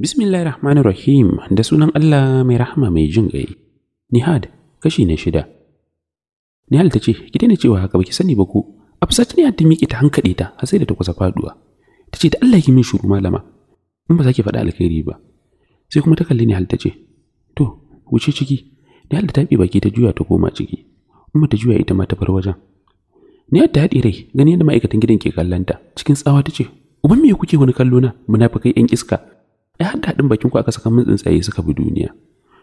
bismillahi Rahmanir Rahim da sunan Allah mai rahama mai jin gai. Nihad kashi na shida. Nihal ta ce, "Ki daina cewa haka baki sani ba ku." Afsat ne ta miƙe ta hankali ta har sai da ta kusa faduwa. Ta ce, "Da Allah ki min shuru malama." In ba za ki faɗa alkhairi ba. Sai kuma ta kalli Nihal ta ce, "To, wuce ciki." Nihal ta tafi baki ta juya ta koma ciki. umma ta juya ita ma ta bar wajen ni ta haɗi rai gani yadda ma'aikatan gidan ke ta cikin tsawa ta ce uban me kuke wani kallo na munafikai yan iska ai har daɗin bakin ku aka saka min tsuntsaye suka bi duniya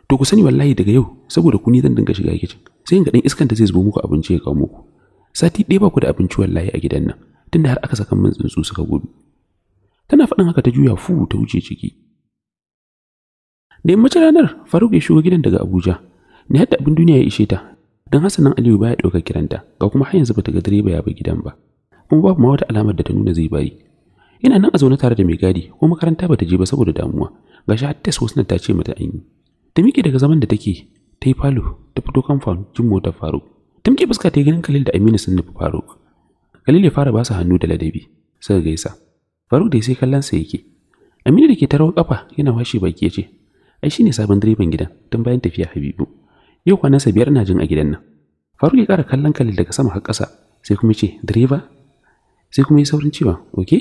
to ku sani wallahi daga yau saboda ku ni zan dinga shiga kicin sai in ga ɗan iskan ta zai zubo muku abinci ya kawo muku sati ɗaya ba ku da abinci wallahi a gidan nan tunda har aka saka min tsuntsu suka gudu tana faɗin haka ta juya fu ta wuce ciki da yammacin ranar faruk ya shigo gidan daga abuja ni hadda abin duniya ya ishe ta don Hassanan Aliyu baya ɗaukar kiranta ga kuma har yanzu bata ga direba ya bi gidan ba kuma babu ma wata alamar da ta nuna zai bari ina nan a zaune tare da mai gadi ko makaranta bata je ba saboda damuwa gashi har test wasu ta ce mata an yi ta miƙe daga zaman da take ta yi falo ta fito kamfan jin mota faruk ta miƙe fuska ta yi ganin kalil da aminu sun nufi faruk kalil ya fara ba su hannu da ladabi suka gaisa faruk da sai kallon sa yake aminu da ke tarawar kafa yana washe baki ya ce ai shine sabon direban gidan tun bayan tafiya habibu yau kwanansa biyar na jin a gidan nan faruk ya kara kallon kalil daga sama har ƙasa sai kuma ce direba sai kuma yi saurin cewa oke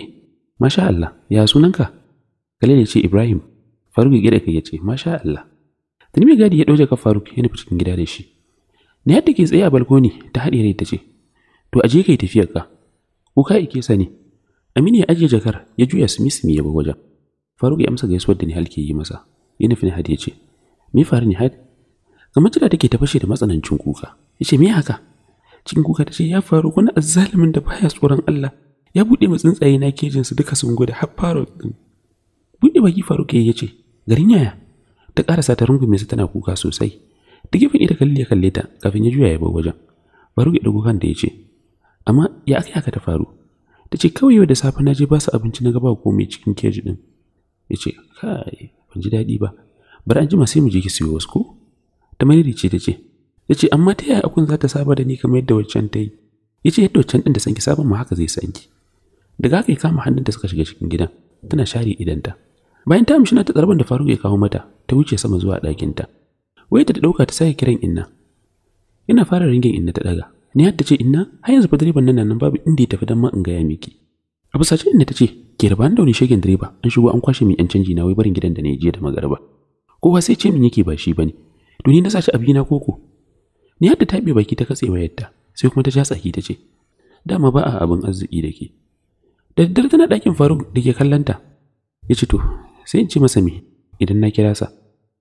masha Allah ya sunanka kalil ya ce ibrahim faruk ya gida kai ya ce masha Allah tuni mai gadi ya ɗauke ka faruk ya nufi cikin gida da shi Ni yadda ke tsaye a balkoni ta haɗe rai ta ce to aje kai tafiyar ka kuka ike sa ne aminu ya ajiye jakar ya juya simi ya bi wajen faruk ya amsa gaisuwar da ni ke yi masa ya nufi nihad ya ce me faru nihad kamar jira take ta fashe da matsanancin kuka yace me haka cikin kuka ta ce ya faru wani azzalumin da baya tsoron Allah ya buɗe mu tsuntsaye na kejin su duka sun gode har faro din buɗe baki faru ke yace garin yaya ta karasa ta rungume su tana kuka sosai ta gifin ita kalli ya kalle ta kafin ya juya ya bar wajen faru ya dugo kan da yace amma ya aka aka ta faru ta ce kawai yau da safe na je ba su abinci na gaba mai cikin keji din yace kai ban ji daɗi ba bari an sai mu je ki siyo wasu ko ta mai ce da ce ya ce amma ta yaya akun za ta saba da ni kamar yadda waccan ta yi ya ce yadda waccan ɗin da sanki saban ma haka zai sanki daga haka ya kama hannun da suka shiga cikin gidan tana share idanta bayan ta amshi na ta tsarban da faruk ya kawo mata ta wuce sama zuwa ɗakinta wayarta ta ɗauka ta sake kiran inna ina fara ringin inna ta ɗaga ni har ta ce inna har yanzu fa direban nan nan babu inda ya tafi dan ma in gaya miki a fusace inna ta ce ke da da wani shegen direba an shigo an kwashe min yan canji na wai barin gidan da ne je da magarba kowa sai ce min yake ba shi bane Duni na sashi abina koko. Ni hadda taɓe baki ta katse wayarta, sai kuma ta ja tsaki ta ce, Dama ba a abin arziki da ke. Da tana dakin Faruk da ke kallonta. Ya to, sai in ce masa me idan na kira sa.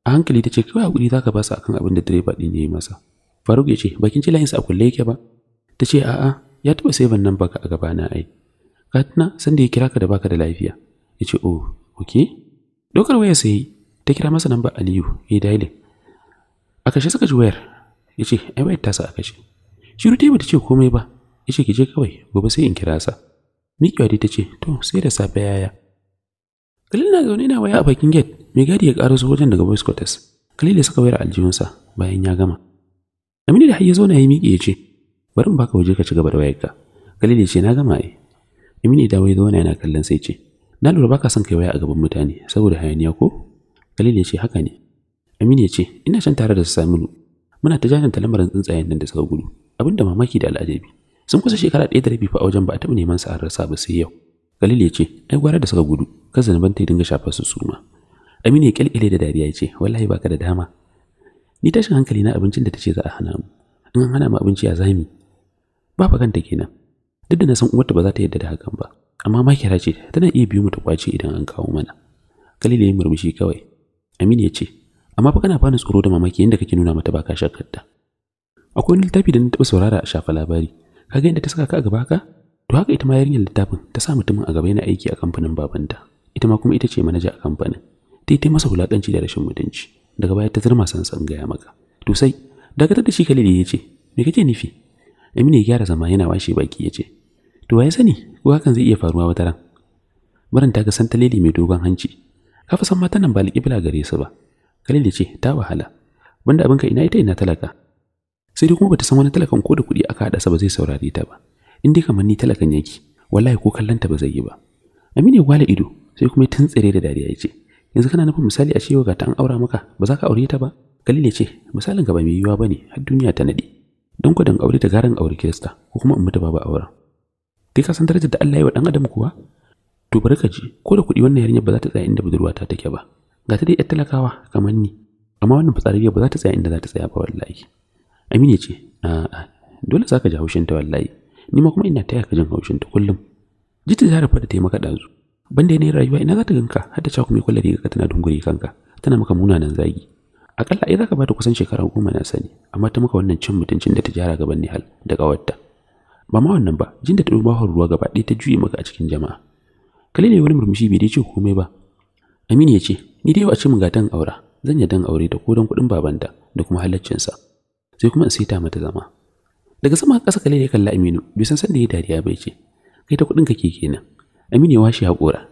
A hankali ta ce kawai hakuri za ka ba sa akan abin da direba din ya yi masa. Faruk ya ce, bakin ci layinsa sa kulle yake ba. Ta ce, a'a, ya taba sai ban nan baka a gabana ai. san sanda ya kira ka da baka da lafiya. Ya oh, ok. Ɗaukar waya sai ta kira masa namba Aliyu, ya yi a kashe suka ji wayar ya ce ai wayar sa a kashe shiru ta bata ce komai ba ya ce ki je kawai gobe sai in kira sa mikiwa dai ta ce to sai da safe yaya kalil na zaune na waya a bakin gate mai gadi ya ƙaro su wajen daga voice quarters kalil ya saka wayar aljihunsa bayan ya gama aminu da har ya zauna ya miƙe ya ce bari in baka waje ka ci gaba da wayarka kalil ya ce na gama ai aminu da wai zauna yana kallon sai ce na lura baka son kai waya a gaban mutane saboda hayaniya ko kalil ya ce haka ne Aminu ya ce, ina can tare da su Saminu. Muna ta jajanta lamarin tsuntsayen nan da suka gudu. Abin da mamaki da al'ajabi. Sun kusa shekara ɗaya da rabi fa a wajen ba a taɓa neman sa an rasa ba sai yau. Khalil ya ce, ai gwara da suka gudu, kar ban ta dinga shafa su suma. Aminu ya kyalkyale da dariya ya ce, wallahi baka da dama. Ni tashin hankali na abincin da ta ce za a hana mu. In an hana mu abinci a zami. Ba fa kanta kenan. Duk da na san uwarta ba za ta yarda da hakan ba. Amma makera ce tana iya biyo mu ta kwace idan an kawo mana. Khalil ya yi murmushi kawai. Aminu ya ce, amma fa kana bani tsoro da mamaki yadda kake nuna mata baka ta akwai wani littafi da na taɓa saurara a shafa labari kaga yadda ta saka ka a gaba ka to haka ita ma yarinyar littafin ta sa mutumin a gaba yana aiki a kamfanin babanta ita ma kuma ita ce manaja a kamfanin ta yi ta masa wulaƙanci da rashin mutunci daga baya ta zirma sansan gaya maka to sai dakatar da shi kalili ya ce me kake nufi Aminu ya gyara zama yana washe baki ya ce to ya sani ko hakan zai iya faruwa wata ran barin ta ga lili mai dogon hanci kafa san mata nan ba bila gare su ba Khalil ya ce ta wahala. Banda abinka ina ita ina talaka. Sai dai kuma bata san wani talakan ko da kuɗi aka hada sa ba zai saurare ta ba. In dai kamar ni talakan yake, wallahi ko kallon ta ba zai yi ba. Aminu ya gwale ido sai kuma ya tuntsire da dariya ya ce yanzu kana nufin misali a cewa ga ta an aura maka ba za ka aure ta ba. Khalil ya ce misalin ka gaba mai yiwuwa bane har duniya ta nade. Don gwadon aure da garin aure Kirista ko kuma in mutu ba auren. Kai ka san darajar da Allah ya wa dan Adam kuwa? To bari ko da kuɗi wannan yarinyar ba za ta tsaya inda budurwata take ba. ga ta dai yar talakawa kamar ni amma wannan fitsarariya ba za ta tsaya inda za ta tsaya ba wallahi Amina ce a'a dole za ka ji haushin ta wallahi ni ma kuma ina taya ka jin haushin ta kullum jita ta rufa da ta yi maka ɗazu da yanayin rayuwa ina za ta ganka har ta cakume kwallari ga tana dungure kanka tana maka munanan zagi akalla ai zaka bata kusan shekara goma na sani amma ta maka wannan cin mutuncin da ta jara gaban ni hal da ƙawarta. ba ma wannan ba jin da ta dubo ruwa gaba ɗaya ta juye maka a cikin jama'a kalile wani murmushi bai dace komai ba Aminu ya ce, Ni dai wace ce ga dan aura, zan yi dan aure da kodan kudin babanta da kuma halaccinsa. Sai kuma in saita mata zama. Daga sama ƙasa kale ya kalla Aminu, bai san sanda ya dariya bai ce, Kai ta kudin ka ke kenan. Aminu ya washe haƙora.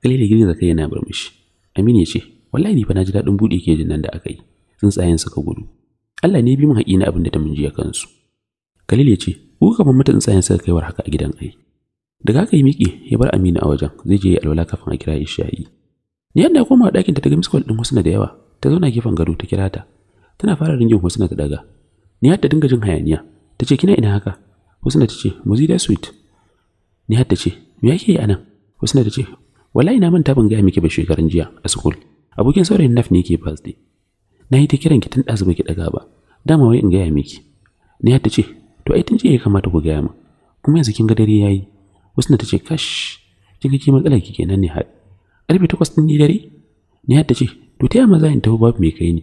Kalle da girgiza kai yana murmushi. Aminu ya ce, Wallahi ni fa na ji daɗin buɗe ke nan da aka yi. Tsuntsayen suka gudu. Allah ne bi mu haƙi na abin da ta mun jiya kansu. Kalle ya ce, "Ku ta mata suka kai kaiwar haka a gidan ai." Daga haka ya miƙe ya bar Aminu a wajen, zai je ya alwala kafin a kira ishayi ni yadda ya koma ɗakin ta ta ga miss call Husna da yawa ta zauna gefen gado ta kira ta tana fara ringin Husna ta daga ni ta dinga jin hayaniya ta ce kina ina haka Husna ta ce Muzida sweet ni ta ce me yake yi anan Husna ta ce wallahi na manta ban gaya miki ba shekarun jiya a school abokin saurayin naf ne yake birthday na yi ta kiran ki tun ɗazu ki daga ba dama wai in gaya miki ni ta ce to ai tun jiya ya kamata ku gaya min kuma yanzu kin ga dare yayi Husna ta ce kash kin ga ki matsalar ki kenan ne har ƙarfe takwas ɗin ne dare ni ta ce to ta yamma za in tafi babu mai kai ne?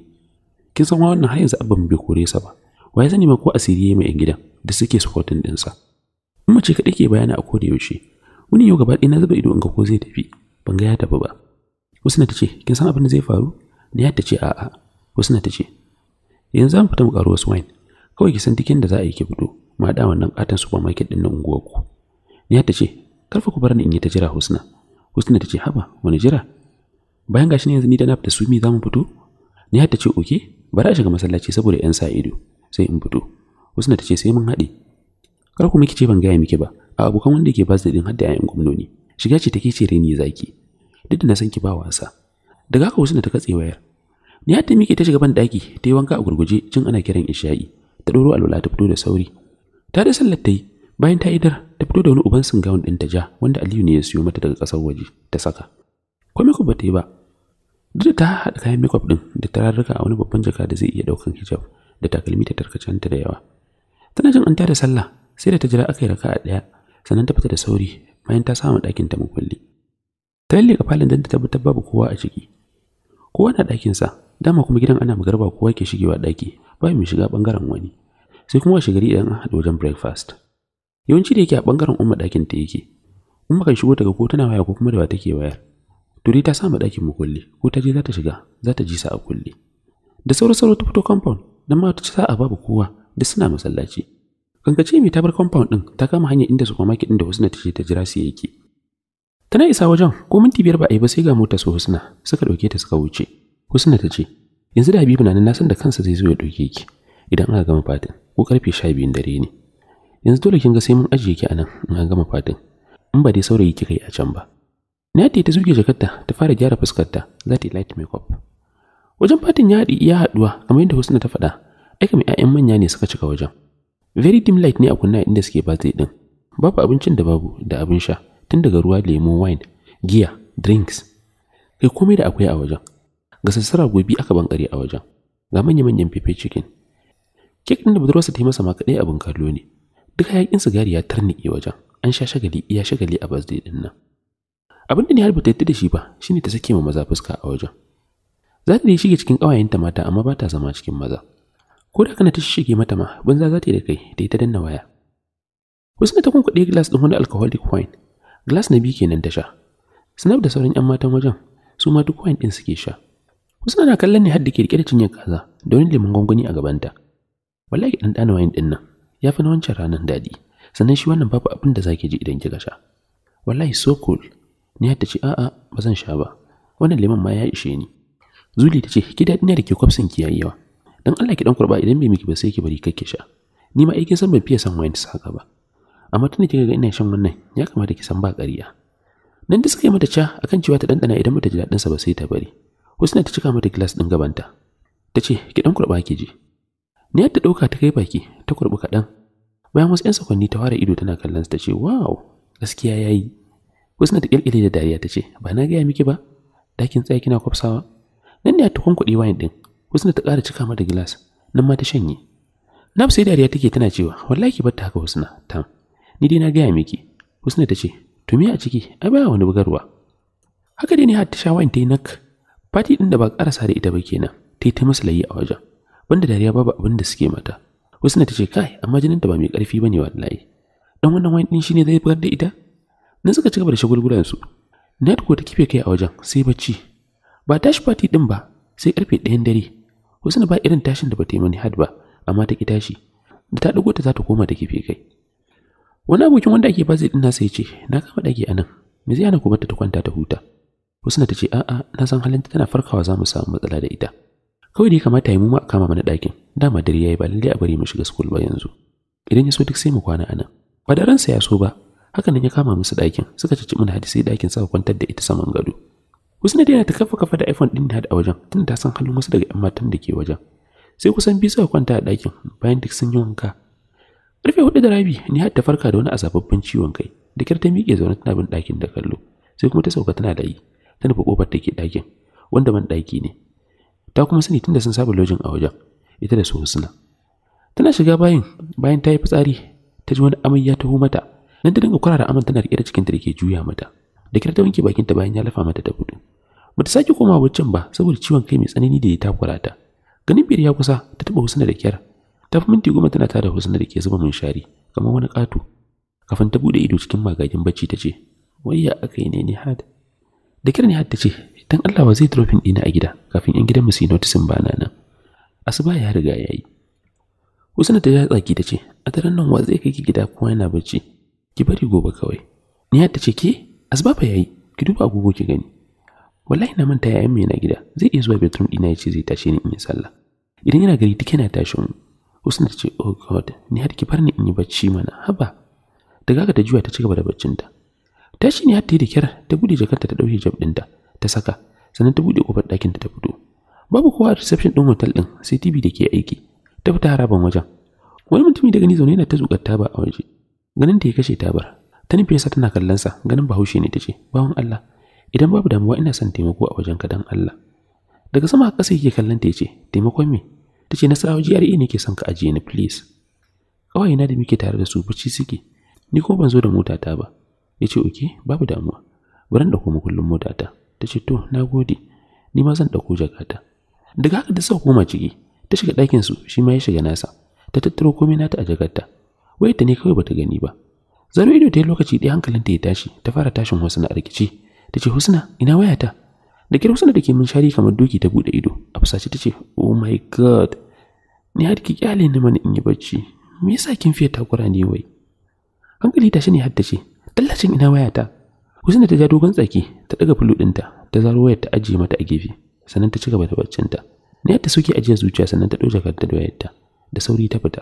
kin san wannan har yanzu abban bai kore sa ba wa ya sani ma ko asiri ya mai gidan da suke supporting ɗinsa in mace kaɗai ke bayani a koda yaushe wani yau gaba ɗaya na zuba ido in ga ko zai tafi ban ga ya tafi ba Husna ta ce kin san abin da zai faru ni ta ce a'a Husna ta ce yanzu an fita mu karu wasu wine kawai ki san dikin da za a yi ki fito ma da wannan katon supermarket ɗin na unguwarku ni ta ce karfa ku bar ni in yi ta jira Husna husna ta ce haba wani jira bayan gashi ne yanzu ni da naf da su mi fito ni har ta ce oke bari a shiga masallaci saboda yan sa ido sai in fito husna ta ce sai mun haɗe kar ku miki ce ban gaya miki ba a abokan wanda ke bas da din hadda da gwamnoni shiga ce take ce reni zaki duk da na san ki ba wasa daga haka husna ta katse wayar ni hatta miki ta shiga ban daki ta yi wanka a gurguje cin ana kiran isha'i ta doro alwala ta fito da sauri ta da sallar ta yi bayan ta idar ta fito da wani uban singawun ɗin ta ja wanda Aliyu ne ya siyo mata daga ƙasar waje ta saka. Ko makeup ba ta yi ba. Duk da ta haɗa kayan makeup ɗin da tararruka a wani babban jaka da zai iya ɗaukan hijab da takalmi ta tarkacenta da yawa. Tana jin an tada sallah sai da ta jira aka yi raka a ɗaya sannan ta fita da sauri bayan ta samu ɗakin ta mukulli. Ta lalle falon don ta tabbatar babu kowa a ciki. Kowa na ɗakinsa dama kuma gidan ana magarba kowa ke shigewa ɗaki ba mai shiga ɓangaren wani. Sai kuma washe gari idan an haɗu wajen breakfast. yawanci da yake a bangaren umma dakin ta yake umma kan shigo daga ko tana waya ko kuma da wa take wayar turi ta sama dakin mu kulle ko ta je za ta shiga za ta ji sa a kulle da sauran sauro ta fito compound dan ma ta sa a babu kowa da suna masallaci kankace mai ta bar compound din ta kama hanyar inda supermarket din da Husna ta ce ta jira su yake tana isa wajen ko minti biyar ba a yi ba sai ga mota su Husna suka dauke ta suka wuce Husna ta ce yanzu da Habibu na nan na san da kansa zai zo ya dauke ki idan aka gama fatin ko karfe 12 dare ne yanzu dole kin ga sai mun ajiye ki anan in an gama fatin in ba dai saurayi kika yi a can ba Nati ta zuge jakarta ta fara gyara fuskarta za ta yi light makeup wajen fatin ya haɗi iya haɗuwa kamar yadda Husna ta faɗa aika mai 'ya'yan manya ne suka cika wajen very dim light ne a kunna inda suke ba zai din babu abincin da babu da abin sha tun daga ruwa lemon, wine giya drinks kai komai da akwai a wajen ga sassara gobe aka bankare a wajen ga manya-manyan fefe chicken kek din da budurwarsa ta yi masa ma kaɗai abin kallo ne duk hayakin sigari ya tarnike wajen an sha shagali iya shagali a birthday din nan abin da ni har bata yadda da shi ba shine ta sake ma maza fuska a wajen za ta yi shige cikin ta mata amma ba ta zama cikin maza ko da kana ta shige mata ma banza za ta yi da kai ta yi ta danna waya Wasu ne ta kunkuɗe glass ɗin wani alcoholic wine glass na biyu kenan ta sha Snap da sauran 'yan matan wajen su ma duk wine ɗin suke sha Wasu na kallon ne har da ke rike da cinyar kaza da wani lemon gwangwani a gabanta wallahi ɗan ɗana wine ɗin nan ya fi na wancan ranar daɗi sannan shi wannan babu abin da zaki ji idan kika sha wallahi so cool ni ta ce a'a ba zan sha ba wannan lemon ma ya ishe ni zuli ta ce ki daɗi na da ke kwafsin ki yayi yawa dan Allah ki dan kurba idan bai miki ba sai ki bari kake sha ni ma aikin san ban fiye san wayan saka ba amma tunda kika ga ina shan wannan ya kamata ki san ba ƙarya nan da suka yi mata ca akan cewa ta dandana idan mata ji daɗinsa ba sai ta bari husna ta cika mata glass din gabanta ta ce ki dan kurba ki je Ni ta ɗauka ta kai baki ta kurɓi kaɗan. Bayan wasu 'yan sakwanni ta fara ido tana kallon ta ce, "Wow, gaskiya ya yi." Husna ta ƙirƙire da dariya ta ce, "Ba na gaya miki ba, dakin tsaki na kwafsawa." Nan ne ta kuɗi wayan ɗin. Husna ta ƙara cika mata gilas, nan ma ta shanye. na sai dariya take tana cewa, "Wallahi ki bar ta haka Husna, tam. Ni dai na gaya miki." Husna ta ce, "To me a ciki? a ba wani bugarwa." Haka dai ne har ta sha wayan ta yi nak. Fati ɗin da ba ƙarasa da ita ba kenan, ta yi ta masu a wajen. wanda dariya babu abin da suke mata husna ta ce kai amma jinin jininta ba mai karfi bane wallahi dan wannan wani din shine zai bugar da ita nan suka cigaba da shagulgulan su net ko ta kife kai a wajen sai bacci ba tashi fati din ba sai karfe 1 dare husna ba irin tashin da ba ta yi mani had ba amma ta ki tashi da ta dago ta za ta koma ta kife kai wani abokin wanda ake bazi din nasa ya ce na kama daki anan me zai hana ku ta kwanta ta huta usna ta ce a'a na san halin ta tana farkawa za mu samu matsala da ita. kawai ya kamata ya mu ma kama mana ɗakin dama dare yi ba lalle a bari mu shiga school ba yanzu idan ya so duk sai mu kwana nan ba da ransa ya so ba haka nan ya kama musu ɗakin suka ci mun hadisi ɗakin suka kwantar da ita saman gado Husna dai ta kafa kafa da iPhone din da a wajen tun ta san halin wasu daga 'yan matan da ke wajen sai kusan biyu suka kwanta a ɗakin bayan duk sun yi wanka Rufe hudu da rabi ni har ta farka da wani asababbin ciwon kai da kyar ta miƙe zaune tana bin ɗakin da kallo sai kuma ta sauka tana da yi ta nufi ƙofar da ke ɗakin wanda man ɗaki ne ta kuma sani tunda sun saba lojin a wajen ita da su husna tana shiga bayin bayan ta yi fitsari ta ji wani amai ya taho mata nan ta dinga kwarara aman tana riƙe da cikinta da ke juya mata da kira ta wanke bakinta bayan ya lafa mata ta fito bata sake komawa wajen ba saboda ciwon kai mai tsanani da ya takura ta ganin biyar ya kusa ta taɓa husna da kyar ta fi minti goma tana tada husna da ke zuba munshari kamar wani ƙato kafin ta bude ido cikin magagin bacci ta ce wayya aka ne ni had da kyar ni had ta ce dan Allah ba zai dropping dina a gida kafin yan gidan mu su yi notisin ba nan asuba ya riga ya yi Husna ta tsaki ta ce a daren nan wa zai kai ki gida kuma yana bacci ki bari gobe kawai Ni ya tace ke asuba fa yayi ki duba agogo ki gani wallahi na manta yayin mai na gida zai iya zuwa bedroom dina ya ce zai tashi ni in yi sallah idan yana gari duk yana tashin mu ta tace oh god ni har ki bar ni in yi bacci mana haba daga ga ta juya ta cigaba da baccinta tashi ne har ta yi da kyar ta gudu jakarta ta ɗauke jab ɗinta ta saka sannan ta buɗe kofar ɗakin ta fito babu kowa a reception ɗin hotel ɗin sai tv da ke aiki ta fita haraban wajen wani mutumi da gani zaune yana ta zuƙar taba a waje ganin ta ya kashe tabar ta nufi sa tana kallon sa ganin bahaushe ne ta ce bawan Allah idan babu damuwa ina son taimako a wajen kadan Allah daga sama a ƙasa yake kallon ta ya ce taimakon me ta ce na sa'o GRE ne ke son ka ajiye ni please kawai na da muke tare da su bacci suke ni ko ban zo da motata ba ya ce oke babu damuwa bari da mu kullum ta. ta ce to na gode ni ma zan ɗauko jakata daga haka ta sa koma ciki ta shiga ɗakin su shi ma ya shiga nasa ta tattaro komai nata a jakarta wai ta ne kawai bata gani ba zaro ido ta yi lokaci ɗaya hankalinta ya tashi ta fara tashin husna a rikici ta ce husna ina wayata da kira husna da ke mun shari kamar doki ta buɗe ido a fusace ta ce oh my god ni har ki kyale ni mana in yi bacci me yasa kin fiye takura ne wai hankali tashi ne haddace tallacin ina wayata Husna ta ja dogon tsaki ta daga fulu ɗinta ta zaro wayar ta ajiye mata a gefe sannan ta ci gaba da baccinta. Ne ta suke ajiyar zuciya sannan ta ɗauke kanta da wayarta da sauri ta fita.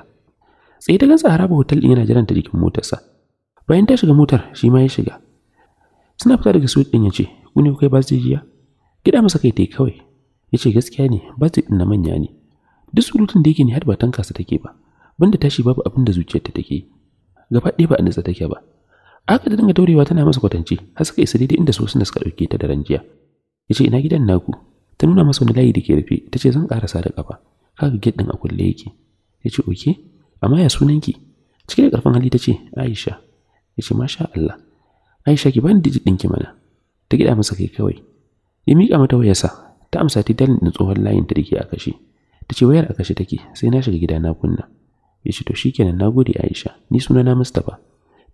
Tsaye ta tsara ba hotel ɗin yana jiran ta jikin motarsa. Bayan ta shiga motar shi ma ya shiga. Suna fita daga suit din ya ce ku ne kai basu jiya? Gida masa kai tai kawai. yace ce gaskiya ne basu din na manya ne. Duk surutun da yake ne har ba tankasa take ba. Banda tashi babu abin da zuciyarta take yi. Gaba ɗaya ba a nutsa take ba. Aka dinga daurewa tana masa kwatance har suka isa daidai inda su da suka ɗauke ta da ranjiya. Ya ce ina gidan naku ta nuna masa wani layi da ke rufe ta ce zan ƙarasa da ƙafa kaga gate ɗin a kulle yake. Ya ce oke amma ya sunanki cike da karfin hali ta ce Aisha ya ce masha Allah Aisha ki bani digit ɗinki mana ta gida masa kai kawai ya mika mata wayarsa ta amsa ta dalin da tsohon layin ta dake a kashe ta ce wayar a kashe take sai na shiga gida na kunna ya ce to shikenan nagode Aisha ni sunana Mustapha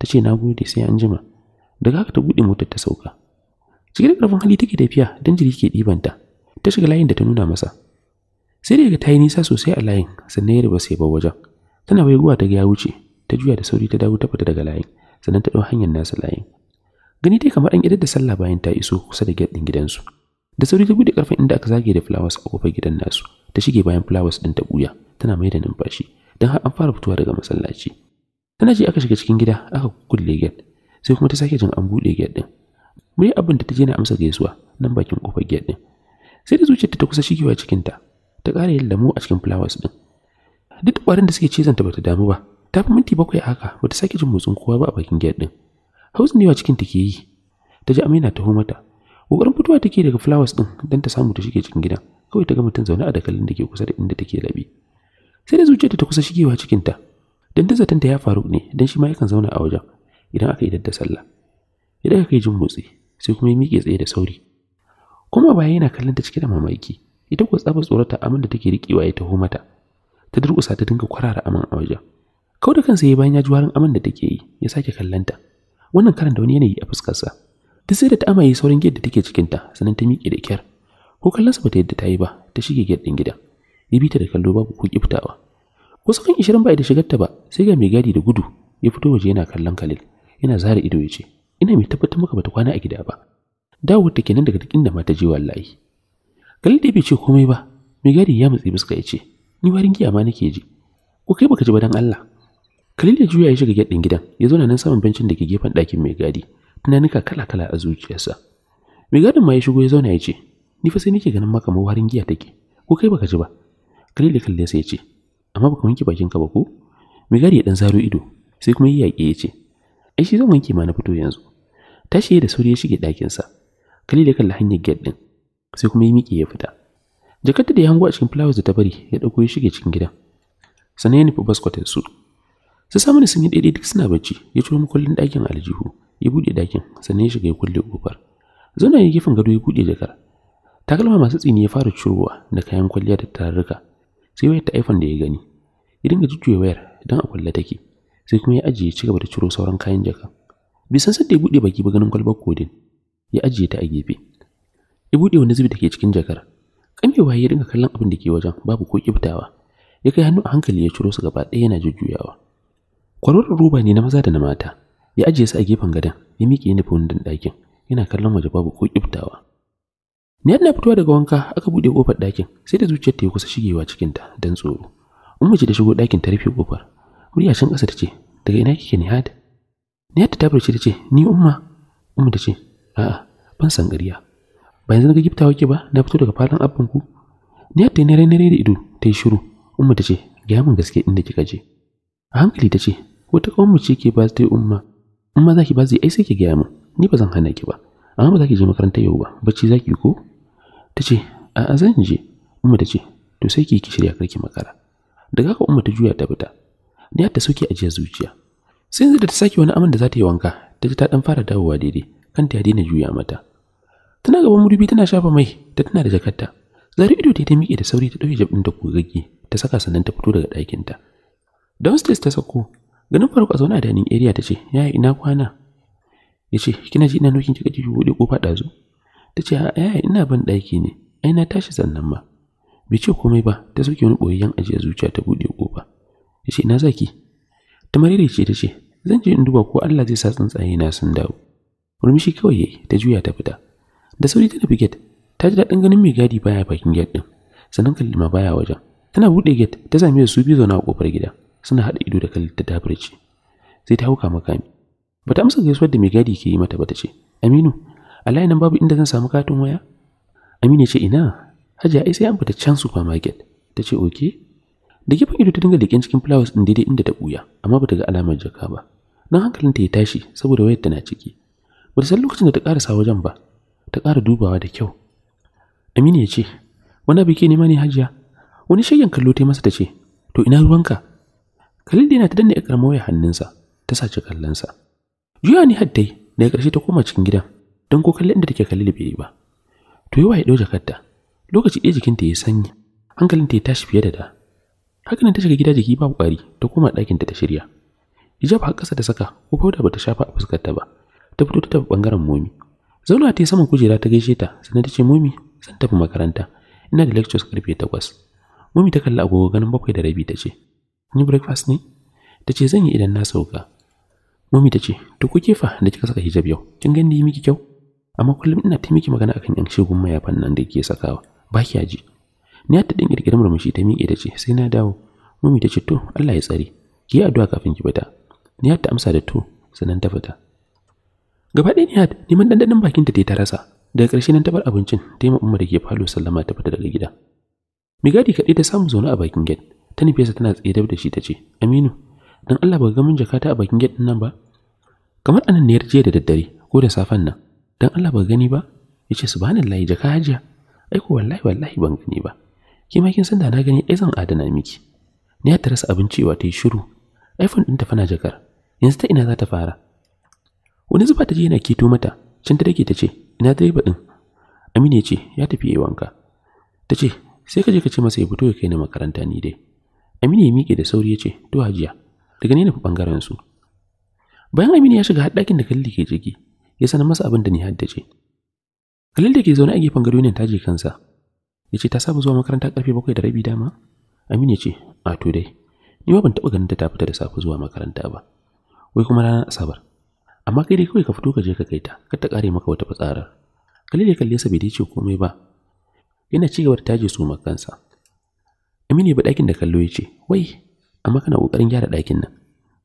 ta ce na gode sai an jima daga haka ta buɗe motar ta sauka cikin da ƙarfin hali take tafiya dan jiri ke ɗibanta ta shiga layin da ta nuna masa sai daga ta yi nisa sosai a layin sannan ya riba sai ba wajen tana guwa ta ga ya wuce ta juya da sauri ta dawo ta fita daga layin sannan ta ɗau hanyar nasa layin gani dai kamar an idar da sallah bayan ta iso kusa da gate ɗin gidansu da sauri ta buɗe ƙarfin inda aka zage da flowers a kofar gidan nasu ta shige bayan flowers din ta buya tana mai da numfashi don har an fara fitowa daga masallaci tana ji aka shiga cikin gida aka kulle gate sai kuma ta sake jin an buɗe gate din mai abin da ta je na amsa gaisuwa nan bakin kofar gate din sai da zuciyarta ta kusa shigewa cikinta ta ƙara yin lamu a cikin flowers din duk ƙwarin da suke cizanta bata damu ba ta fi minti bakwai a haka ta sake jin motsin kowa ba a bakin gate din wa cikin take yi ta ji amina taho mata kokarin fitowa take daga flowers din don ta samu ta shige cikin gidan kawai ta ga mutum zaune a dakalin da ke kusa da inda take labi sai da zuciyarta ta kusa shigewa ta dan ta ya faru ne dan shi ma yakan zauna a wajen idan aka yi da sallah idan aka yi jin motsi sai kuma ya miƙe tsaye da sauri kuma baya yana kallon ta cike da mamaki ita kuwa tsaba tsorata amin da take riƙewa ya taho mata ta durƙusa ta dinga kwarara aman a wajen kau da kansa ya bayan ya ji warin aman da take yi ya sake kallon wannan karan da wani yanayi a fuskarsa duk sai da ta amaye sauran gate da take cikinta sannan ta miƙe da kyar ko kallonsa bata yadda ta yi ba ta shige gidan gidan. ya bi ta da kallo babu ko kiftawa wasu kan ishirin ba da shigar ta ba sai ga mai gadi da gudu ya fito waje yana kallon Khalil yana zara ido ya ce ina mai tabbatar maka bata kwana a gida ba dawo ta nan daga duk da ma ta je wallahi Khalil da bai ce komai ba mai gadi ya mutsi fuska ya ce ni warin giya ma nake ji ko kai baka ji ba dan Allah Khalil ya juya ya shiga gidan gidan ya zo nan saman bencin da ke gefen dakin mai gadi tunanika kala-kala a zuciyarsa mai gadin ma ya shigo ya zauna ya ce ni fa sai nake ganin maka warin giya take ko kai baka ji ba Khalil kalle sai ya ce amma baka wanke bakinka ba ko mai gadi ya dan zaro ido sai kuma yi yaƙi ya ce ai shi zan wanke ma na fito yanzu ta tashi da sauri ya shige ɗakinsa kalli da kalla hanyar gate ɗin sai kuma yi miƙe ya fita jakarta da ya hango a cikin flowers da ta bari ya ɗauko ya shige cikin gidan sannan ya nufi baskwatin su sai samun sun yi daidai duk suna bacci ya ciro makullin ɗakin aljihu ya buɗe ɗakin sannan ya shiga ya kulle ƙofar zauna ya gefen gado ya buɗe jakar takalma masu tsini ya fara curowa da kayan kwalliya da tarurruka sai wayar ta iphone da ya gani ya dinga jujjuya wayar don a kulle take sai kuma ya ajiye ci gaba da ciro sauran kayan jaka bai san sadda ya buɗe baki ba ganin kwalbar kodin ya ajiye ta a gefe ya buɗe wani zubi da ke cikin jakar waye ya dinga kallon abin da ke wajen babu ko kibtawa ya kai hannu a hankali ya ciro su gaba ɗaya yana jujjuyawa kwarorin roba ne na maza da na mata ya ajiye su a gefen gadon ya miƙe ya nufi wani ɗakin yana kallon waje babu ko kibtawa Niyar na fitowa daga wanka aka bude kofar ɗakin sai da zuciyar ta kusa shigewa cikin ta don tsoro. Umma ce ta shigo ɗakin ta rufe kofar Murya can ƙasa ta ce, "Daga ina kike Nihad?" Nihad ta tabarce ta ce, "Ni Umma." Umma ta ce, "A'a, ban san ƙarya." Ba yanzu na ga giftawa ba, na fito daga falon abin ku. Nihad ta yi nare da ido ta yi shiru. Umma ta ce, "Gaya min gaske inda kika je." A hankali ta ce, "Wata mu ce ke ba ta Umma." Umma za ki ba zai ai sai ki gaya min, ni ba zan hana ki ba. Amma ba za ki je makarantar yau ba, bacci za ki ko? ta ce a'a zan je umma ta ce to sai ki shirya karki makara daga haka umma ta juya ta fita niyyar ta soke ajiyar zuciya sai yanzu da ta sake wani aman da za ta yi wanka ta ji ta dan fara dawowa daidai kanta ya daina juya mata tana gaban mudubi tana shafa mai ta tana da jakarta zari ido ta miƙe da sauri ta ɗauke jabin da kogagge ta saka sannan ta fito daga ɗakinta downstairs ta sako ganin farko a zaune a dining area ta ce yaya ina kwana ya ce kina ji ina nokin kika ji buɗe kofa ɗazu ta ce a yaya eh, ina ban ɗaki ne ai na tashi sannan ma bai ce komai ba ta soke wani ɓoyayyen ajiye zuciya ta buɗe ƙofa ya ce na zaki ta marire ce ta ce zan je in duba ko Allah zai sa tsuntsaye na sun dawo murmushi kawai yayi ta juya ta fita da sauri ta tafi gate ta ji daɗin ganin mai gadi baya bakin gate ɗin sannan kallima baya wajen tana buɗe gate ta same su biyu zaune a ƙofar gida suna haɗa ido da kallon ta dabarci sai ta hauka makami bata amsa gaisuwar da mai gadi ke yi mata ba ta ce aminu Allah nan babu inda zan samu katin waya Aminu ce ina Hajiya ai sai an fita can supermarket ta ce oke. da gefen ido ta dinga dikin cikin flowers din daidai inda ta buya amma bata ga alamar jaka ba nan hankalinta ya tashi saboda wayar tana ciki bata san lokacin da ta karasa wajen ba ta ƙara dubawa da kyau Aminu ya ce wani abu ke nema ne Hajiya wani shayyan kallo ta masa ta ce to ina ruwan ruwanka Khalid yana ta danne ƙaramar wayar hannunsa ta sace kallonsa Juya ni haddai daga ƙarshe ta koma cikin gidan dan ko kalli inda take kalli da bai yi ba to yawa ya ɗau jakarta lokaci ɗaya jikinta ya sanyi ta ya tashi fiye da da haka ta shiga gida jiki babu ƙwari ta koma ɗakinta ta shirya hijab har ƙasa ta saka ko fauda bata shafa a ta ba ta fito ta tafi ɓangaren momi zauna ta yi saman kujera ta gaishe ta sannan ta ce momi zan tafi makaranta ina da lectures karfe takwas momi ta kalli agogo ganin bakwai da rabi ta ce ni breakfast ne ta ce zan yi idan na sauka momi ta ce to ku kefa da kika saka hijab yau kin gani miki kyau amma kullum ina ta miki magana akan yan shegun mayafan nan da ke sakawa ba ki ji ni ta din kirkirar murmushi ta miƙe ta ce sai na dawo mummy ta ce to Allah ya tsare ki yi addu'a kafin ki fita ni ta amsa da to sanan ta fita gaba ɗaya hada neman dandanin bakinta ta ta rasa daga ƙarshe nan ta bar abincin ta yi ma umma da ke falo sallama ta fita daga gida migadi kaɗai ta samu zaune a bakin gate ta nufe sa tana tsaye da shi ta ce aminu dan Allah ba ga mun jakata a bakin gate nan ba kamar anan ne jiya da daddare ko da safen nan dan Allah ba gani ba yace subhanallahi jaka hajiya ai ko wallahi wallahi ban gani ba ki ma kin san da na gani ai zan adana miki ni ya tarasa abinci wa ta yi shiru iPhone din ta fana jakar yanzu ta ina za ta fara wani zuba ta je yana keto mata cin ta dake ta ce ina ba din Aminu ya ce ya tafi yi wanka ta ce sai ka je ka ce masa ya fito ya kai ni makaranta ni dai Aminu ya miƙe da sauri ya ce to hajiya daga ne na fi bangaren su bayan Aminu ya shiga har da kalli ke jirgi. ya sanar masa abin da ni haddace Khalil da ke zaune a gefen gado ne taje kansa ya ce ta saba zuwa makaranta karfe bakwai da rabi dama Aminu ya ce a to dai ni ma ban taɓa ganin ta fita da safe zuwa makaranta ba wai kuma rana asabar amma kai dai kawai ka fito ka je ka kai ta kar ta kare maka wata fitsarar Khalil ya kalle sa bai dace komai ba yana ci gaba da taje su kansa Aminu ya bi ɗakin da kallo ya ce wai amma kana ƙoƙarin gyara ɗakin nan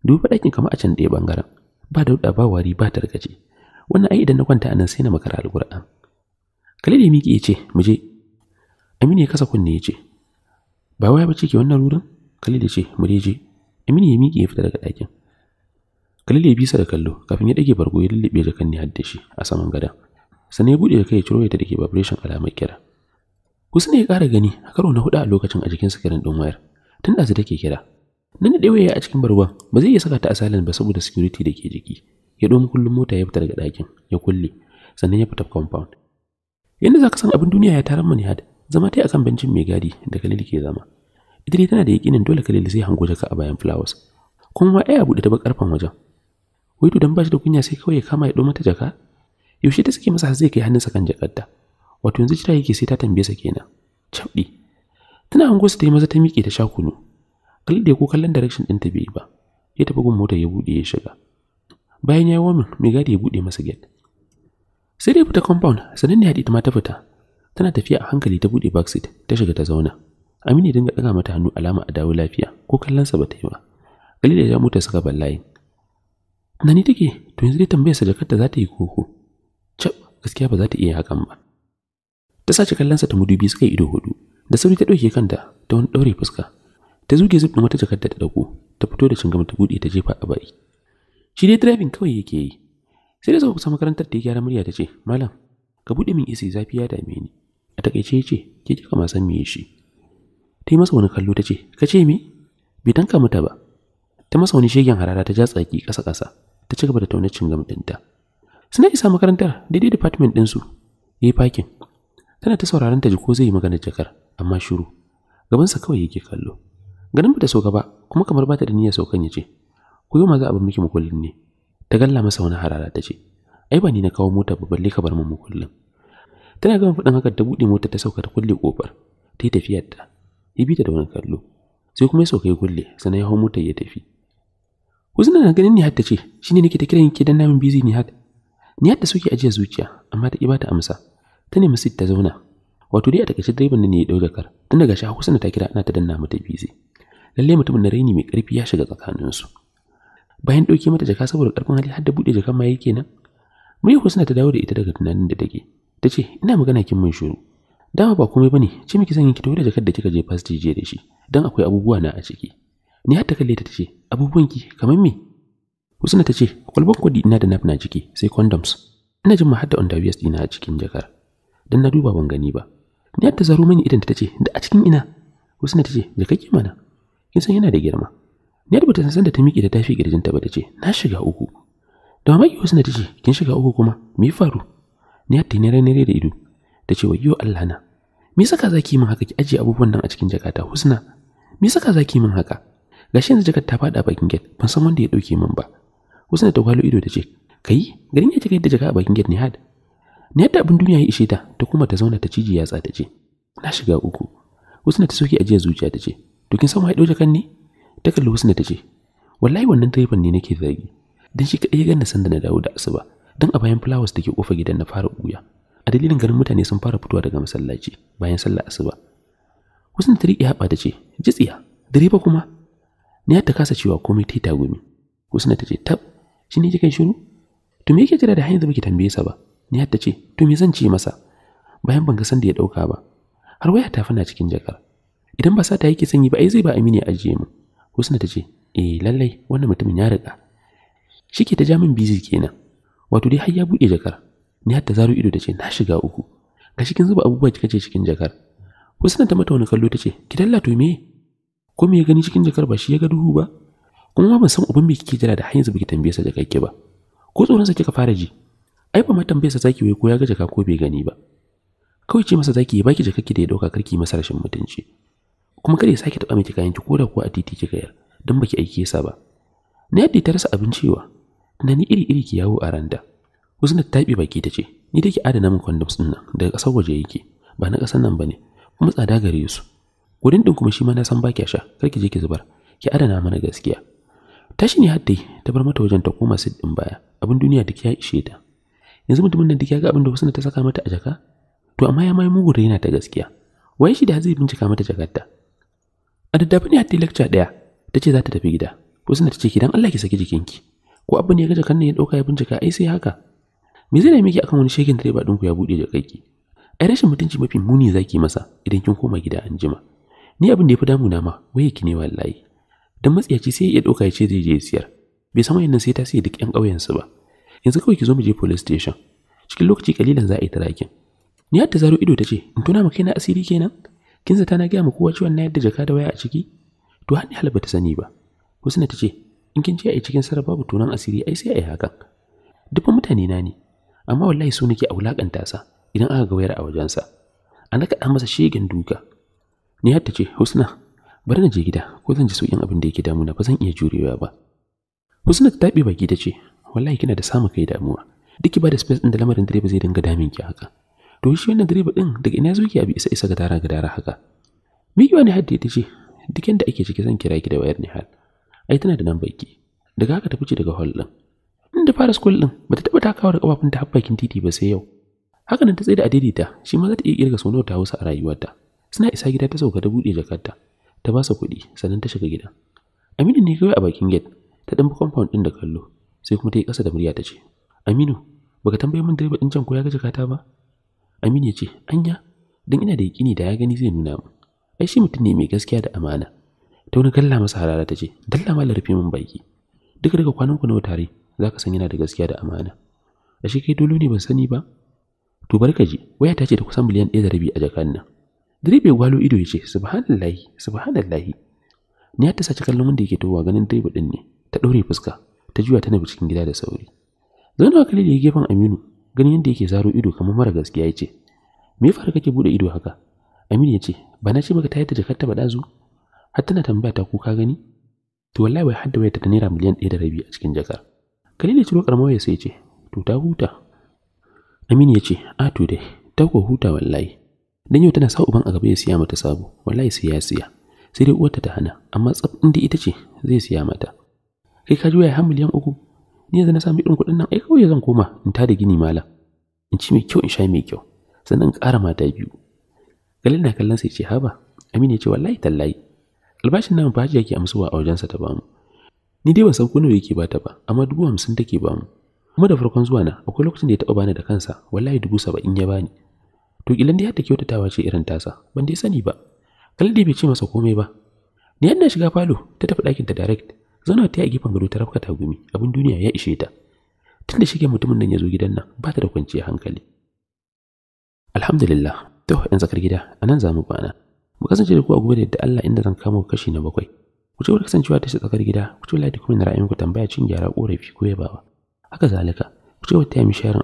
dubi ɗakin kamar a can ɗaya ɓangaren ba wuɗa ba wari ba targaje. wannan ai idan na kwanta anan sai na makara alqur'an Khalid ya miki ya ce mu ya kasa kunne ya ba waya bace ke wannan rurin Khalid ya ce mu je Aminu ya miki ya fita daga dakin Khalid ya bisa da kallo kafin ya dage bargo ya lullube jakan ne har shi a saman gadon sannan ya buɗe kai ya ciro ta dake vibration alamar kira ne ya kara gani a karo na hudu a lokacin a jikin sikirin ɗin wayar tun ta take kira nan da ɗewaye a cikin barwa ba zai iya saka ta asalin ba saboda security da ke jiki ya ɗo kullum mota ya fita daga ɗakin ya kulle sannan ya fita compound yadda zaka san abin duniya ya tarar mani had zama tai akan bencin mai gadi da kalili ke zama ita dai tana da yakinin dole kalili sai hango jaka a bayan flowers kuma ma aya abu da ta bakar wajen wai to dan bashi da kunya sai kawai ya kama ya ɗo mata jaka yaushe ta suke masa har zai kai hannunsa kan jakarta wato yanzu jira yake sai ta tambaye sa kenan cabdi tana hango su ta yi maza ta miƙe ta sha kunu kalli da ko kallon direction ɗin ta bai ba ya tafi gun mota ya buɗe ya shiga bayan ya yi wamin mai gadi ya buɗe masa gate sai dai fita compound sanin da hadita ma ta fita tana tafiya a hankali ta buɗe backseat ta shiga ta zauna Aminu dinga ɗaga mata hannu alama a dawo lafiya ko kallonsa ba ta yi ba Galila ya mutu suka ballaye ni take to yanzu dai tambayar sa jakarta za ta yi koko Cap gaskiya ba za ta iya hakan ba Ta sace sa ta mudubi suka yi ido hudu da sauri ta ɗauke kanta ta wani ɗaure fuska ta zuge zubin wata jakarta ta ɗauko ta fito da cingam ta buɗe ta jefa a baki shi dai driving kawai yake yi sai da suka kusa makarantar da ya gyara murya ta ce malam ka buɗe min isi zafi ya dame ni a takaice ya ce ke kika ma san meye shi ta yi masa wani kallo ta ce ka ce me bai tanka mata ba ta masa wani shegen harara ta ja tsaki ƙasa ƙasa ta ci gaba da taunar cingam ɗinta suna isa makarantar daidai department ɗinsu ya yi fakin tana ta sauraron ta ji ko zai yi maganar jakar amma shiru gabansa kawai yake kallo ganin ba ta so gaba kuma kamar ba ta da niyyar saukan ya ce ku yi maza abin miki mukullin ne ta galla masa wani harara ta ce ai ba ni na kawo mota ba balle ka bar mu mukullin tana gama fadin haka ta bude mota ta sauka ta kulle kofar ta yi tafiyar ta ya bi ta da wani kallo sai kuma ya sauka ya kulle sannan ya hau motar ya tafi Huzna na ganin Nihat ta ce, "Shi ne nake ta kiran ke dan namin busy Nihat." Nihat da suke ajiya zuciya, amma ta ki bata amsa. Ta nemi sit ta zauna. Wato dai a takaice direban ne ya dauka kar Tun daga shi na ta kira ana ta danna mata busy. Lalle mutumin na raini mai karfi ya shiga tsakaninsu. bayan ɗauke mata jaka saboda ƙarfin hali har da buɗe jakan ma yake nan mai suna ta dawo da ita daga tunanin da take ta ce ina magana kin mun shiru dama ba komai bane ce miki zan yi ki da jakar da kika je fast jiya da shi dan akwai abubuwa na a ciki ni har ta kalle ta ce abubuwan ki kamar me Husna ta ce kwalban kwali ina da naf na ciki sai condoms ina jin ma har da underwear dina a cikin jakar dan na duba ban gani ba ni har ta zaro mini idan ta ce da a cikin ina Husna ta ce jakar ki mana kin san yana da girma Niyar ba ta san da ta miƙe da tafi ƙirjinta ba ta ce, "Na shiga uku." Da mamaki wasu na ta ce, "Kin shiga uku kuma, me faru?" Niyar ta nere nere da ido, da ce, "Wayyo Allah na, me saka za ki min haka ki ajiye abubuwan nan a cikin jakata Husna? Me saka za ki min haka?" shi yanzu jakar ta faɗa bakin gate, ban san wanda ya ɗauke min ba. Husna ta kwalo ido da ce, "Kai, garin ya kika yadda jaka a bakin gate ne had." na da abin duniya ya ishe ta, ta kuma ta zauna ta ciji yatsa ta ce, "Na shiga uku." Husna ta soke ajiya zuciya da ce, "To kin san wai kan ne?" ta kalli husna ta ce wallahi wannan direban ne nake zagi dan shi kaɗai ya ganna san da na dawo da asuba dan a bayan flowers da ke kofar gidan na fara buya a dalilin ganin mutane sun fara fitowa daga masallaci bayan sallar asuba husna ta riƙe haɓa ta ce jitsiya direba kuma ne ta kasa cewa komai ta tagumi husna ta ce tab shi ne kai shiru to me yake jira da hanyar da baki tambaye sa ba ni ta ce to me zan ce masa bayan ban ga san da ya ɗauka ba har waya ta fana cikin jakar idan ba sa ta yake sanyi ba ai zai ba amini a ajiye mu Husna ta ce, "Eh lallai wannan mutumin ya riƙa." Shi ke ta ja min bizi kenan. Wato dai har ya buɗe jakar. Ni har ta zaro ido ta ce, "Na shiga uku." Ka cikin zuba abubuwa kika ce cikin jakar. Husna ta mata wani kallo ta ce, "Ki to me?" Ko me ya gani cikin jakar ba shi ya ga duhu ba? Kuma ma ban san uban me kike jira da hanyar yanzu baki tambaye sa jakar ba. Ko tsoron sa kika fara ji? Ai ba ma tambaye sa zaki wai ko ya ga jaka ko bai gani ba. Kawai ce masa zaki ya baki ki da ya dauka karki masa rashin mutunci. kuma kada ya sake taɓa miki ki ko da ko a titi kika yar don baki aiki sa ba na yadda ta rasa abin cewa tunani iri iri ki yawo a randa Husna ta baki ta ce ni take adana min condoms din nan daga kasar waje yake ba na kasar nan bane kuma tsada gare su Kudin din kuma shi ma na san ba sha, kar ki je ki zubar. Ki adana mana gaskiya. Tashi ne haddi ta bar mata wajen ta koma sit din baya. Abin duniya duk ya ishe ta. Yanzu mutumin nan duk ya ga abin da Husna ta saka mata a jaka. To amma ya mai mugu da yana ta gaskiya. Wai shi da zai bincika mata jakarta. a daddafi ne hatta lecture ɗaya. ta ce za ta tafi gida suna ta ce ki Allah ki saki jikinki ko abin ne ya gaja kanna ya dauka ya bincika ai sai haka me zai miki akan wani shekin direba ɗinku ya buɗe da kaiki ai rashin mutunci mafi muni zaki masa idan kin koma gida an jima ni abin da ya fi damuna ma waye ki ne wallahi dan matsiyaci sai ya ɗauka ya ce zai je siyar bai san wayannan sai ta sai duk ƴan ƙauyensu ba yanzu kawai ki zo mu je police station cikin lokaci kalilan za a yi rakin. ni har ta zaro ido ta ce in tona maka na asiri kenan kin zata na gaya ma kowa ciwon yadda jaka da waya a ciki to hanni hal ta sani ba husna ta ce in kin je a cikin sarar babu tunan asiri ai sai a yi hakan dukkan mutane na ne amma wallahi su nake a wulakanta sa idan aka ga wayar a wajensa an naka masa shegen duka ni har ta ce husna bari na je gida ko zan ji sauƙin abin da yake na ba zan iya jurewa ba husna ta taɓe baki ta ce wallahi kina da samun kai damuwa duk ba da space ɗin da lamarin direba zai dinga damin ki haka to shi wannan direba din daga ina zuki abi isa isa ga tara ga dara haka miki wani hadde ta ce dukin da ake ciki zan kira ki da wayar hal ai tana da nan baki daga haka ta fice daga hall din din da fara school din bata taba takawa da kafafun ta habbakin titi ba sai yau haka nan ta tsaye da ta, shi ma za ta iya kirga sono ta Hausa a rayuwarta suna isa gida ta sauka da bude jakarta ta ba su kuɗi sannan ta shiga gida Aminu ne kawai a bakin gate ta ɗan compound din da kallo sai kuma ta yi kasa da murya ta ce Aminu baka tambaye min direba din can ko ya ga jakata ba Aminu ya ce, "Anya, don ina da yaƙini da ya gani zai nuna mu. Ai shi mutum ne mai gaskiya da amana. Ta wani kalla masa harara ta ce, "Dalla ma rufe min baki." Duka daga kwanan ku nawa tare, za ka san yana da gaskiya da amana. Ashe kai dole ne ban sani ba? To barka ji, waya ta ce da kusan miliyan ɗaya da rabi a jakan nan. Direba ya gwalo ido ya ce, "Subhanallahi, subhanallahi." Ni ta saci kallon wanda yake towa ganin direba ɗin ne, ta ɗaure fuska, ta juya tana bi cikin gida da sauri. Zainawa da ya gefen Aminu ganin yadda yake zaro ido kamar mara gaskiya ya ce me ya faru kake bude ido haka Aminu ya ce ba na ce maka ta yadda jakar ta ba zu? har tana tambaya ta kuka gani to wallahi bai hadda wayar ta naira miliyan ɗaya da rabi a cikin jakar Khalil ciro karamar wayar sai ya ce to ta huta Aminu ya ce a to dai ta ko huta wallahi dan yau tana sa uban a gaba ya siya mata sabo wallahi sai ya siya sai dai uwarta ta hana amma tsaf inda ita ce zai siya mata kai ka juya har miliyan uku ni yanzu na samu irin kuɗin nan ai kawai zan koma in tada gini mala in ci mai kyau in sha mai kyau sannan in ƙara mata biyu galin na kallon sai ce haba aminu ya ce wallahi tallahi albashin nawa ba yake amsuwa a wajensa ta bamu ni dai ban san ko yake bata ba amma dubu hamsin take bamu kuma da farkon zuwa na akwai lokacin da ya taɓa bani da kansa wallahi dubu saba'in ya bani to kilan dai ta kyautatawa ce irin tasa ban dai sani ba kalli dai bai ce masa komai ba ni yana shiga falo ta tafi ɗakin ta direct zauna ta yi a gefen gado ta rafka tagumi abin duniya ya ishe ta tunda shige mutumin nan ya zo gidan nan ba ta da kwanciyar hankali alhamdulillah to yan zakar gida anan za mu kwana mu kasance da ku a gobe da Allah inda zan kamo kashi na bakwai ku ci kasancewa ta tsakar gida ku ci da kuma ra'ayinku tambaya cin gyara korafi ko yabawa haka zalika ku ce wata ya mi abu.